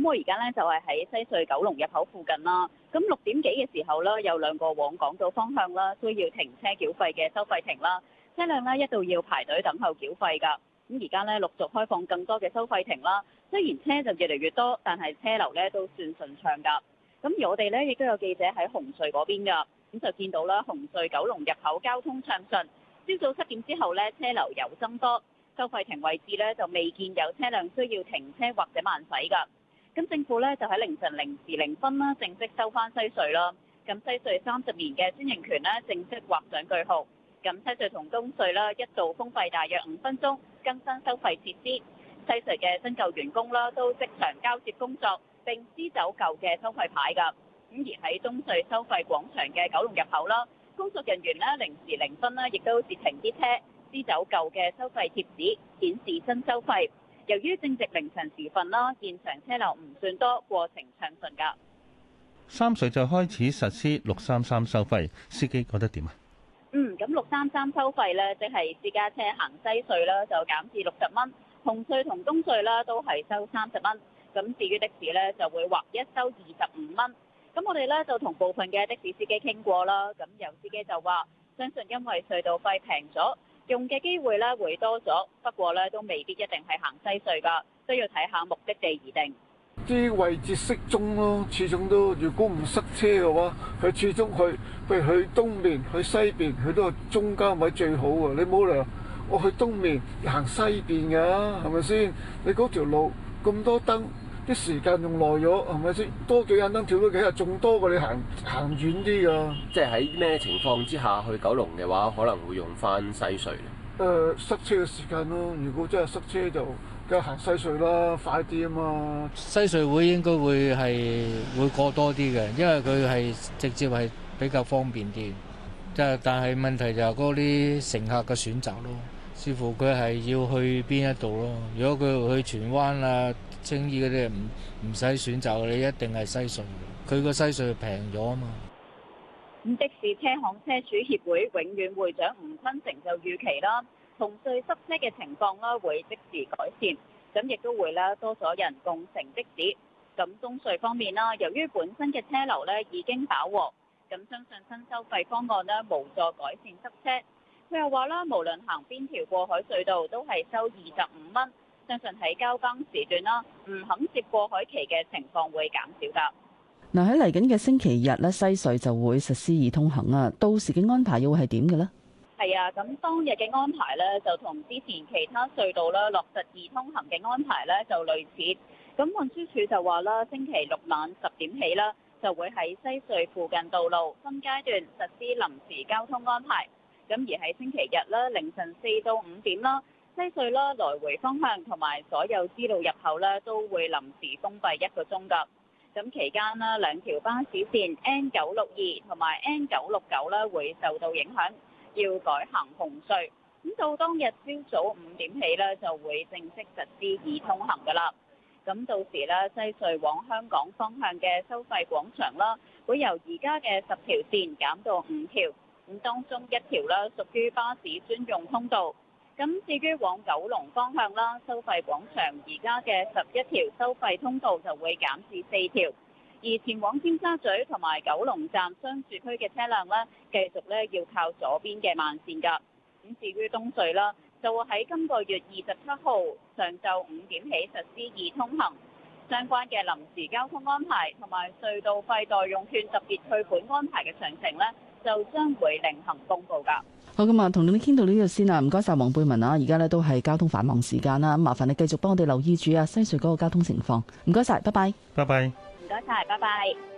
咁我而家呢就係喺西隧九龍入口附近啦。咁六點幾嘅時候呢，有兩個往港島方向啦，需要停車繳費嘅收費亭啦，車輛呢，一度要排隊等候繳費噶。咁而家呢，陸續開放更多嘅收費亭啦，雖然車就越嚟越多，但係車流呢都算順暢噶。咁我哋呢，亦都有記者喺紅隧嗰邊噶，咁就見到啦，紅隧九龍入口交通暢順。朝早七點之後呢，車流有增多，收費亭位置呢，就未見有車輛需要停車或者慢駛噶。咁政府咧就喺凌晨零時零分啦，正式收翻西隧啦。咁西隧三十年嘅專營權咧，正式劃上句號。咁西隧同東隧啦，一度封閉大約五分鐘，更新收費設施。西隧嘅新舊員工啦，都即場交接工作，並支走舊嘅收費牌噶。咁而喺東隧收費廣場嘅九龍入口啦，工作人員呢，零時零分啦，亦都截停啲車，支走舊嘅收費貼紙，顯示新收費。由於正值凌晨時分啦，現場車流唔算多，過程暢順㗎。三隧就開始實施六三三收費，司機覺得點啊？嗯，咁六三三收費呢，即係私家車行西隧啦，就減至六十蚊；紅隧同東隧啦，都係收三十蚊。咁至於的士呢，就會劃一收二十五蚊。咁我哋呢，就同部分嘅的，的士司機傾過啦，咁有司機就話，相信因為隧道費平咗。用嘅機會咧會多咗，不過咧都未必一定係行西隧噶，都要睇下目的地而定。啲位置適中咯，始終都如果唔塞車嘅話，佢始終去，譬如去東面、去西邊，佢都係中間位最好嘅。你唔好嚟話我去東面行西邊噶，係咪先？你嗰條路咁多燈。啲時間用耐咗，係咪先？多幾盞燈跳咗幾日，仲多過你行行遠啲㗎。即係喺咩情況之下去九龍嘅話，可能會用翻西隧。誒、呃、塞車嘅時間咯，如果真係塞車就梗係行西隧啦，快啲啊嘛。西隧會應該會係會過多啲嘅，因為佢係直接係比較方便啲。就但係問題就係嗰啲乘客嘅選擇咯。視乎佢係要去邊一度咯。如果佢去荃灣啊、青衣嗰啲，唔唔使選擇，你一定係西隧。佢個西隧平咗啊嘛。咁的士車行車主協會永遠會長吳坤成就預期啦，同隧塞車嘅情況啦會即時改善，咁亦都會啦，多咗人共乘的士。咁中隧方面啦，由於本身嘅車流呢已經飽和，咁相信新收費方案呢，無助改善塞車。佢又話啦，無論行邊條過海隧道都係收二十五蚊，相信喺交更時段啦，唔肯接過海期嘅情況會減少㗎。嗱，喺嚟緊嘅星期日咧，西隧就會實施易通行啊，到時嘅安排又會係點嘅咧？係啊，咁當日嘅安排咧，就同之前其他隧道啦落實易通行嘅安排咧，就類似。咁運輸署就話啦，星期六晚十點起啦，就會喺西隧附近道路分階段實施臨時交通安排。咁而喺星期日啦，凌晨四到五點啦，西隧啦來回方向同埋所有支路入口咧都會臨時封閉一個鐘噶。咁期間咧兩條巴士線 N 九六二同埋 N 九六九咧會受到影響，要改行紅隧。咁到當日朝早五點起咧就會正式實施易通行噶啦。咁到時咧西隧往香港方向嘅收費廣場啦，會由而家嘅十條線減到五條。當中一條咧，屬於巴士專用通道，咁至於往九龍方向啦，收費廣場而家嘅十一條收費通道就會減至四條，而前往尖沙咀同埋九龍站商住區嘅車輛咧，繼續咧要靠左邊嘅慢線噶。咁至於東隧啦，就會喺今個月二十七號上晝五點起實施易通行相關嘅臨時交通安排，同埋隧道費代用券特別退款安排嘅詳情咧。就將會另行公布噶。好，咁啊，同你哋傾到呢度先啦，唔該晒，黃具紋啊！而家咧都係交通繁忙時間啦，咁麻煩你繼續幫我哋留意住啊西隧嗰個交通情況。唔該晒，拜拜。拜拜。唔該晒，拜拜。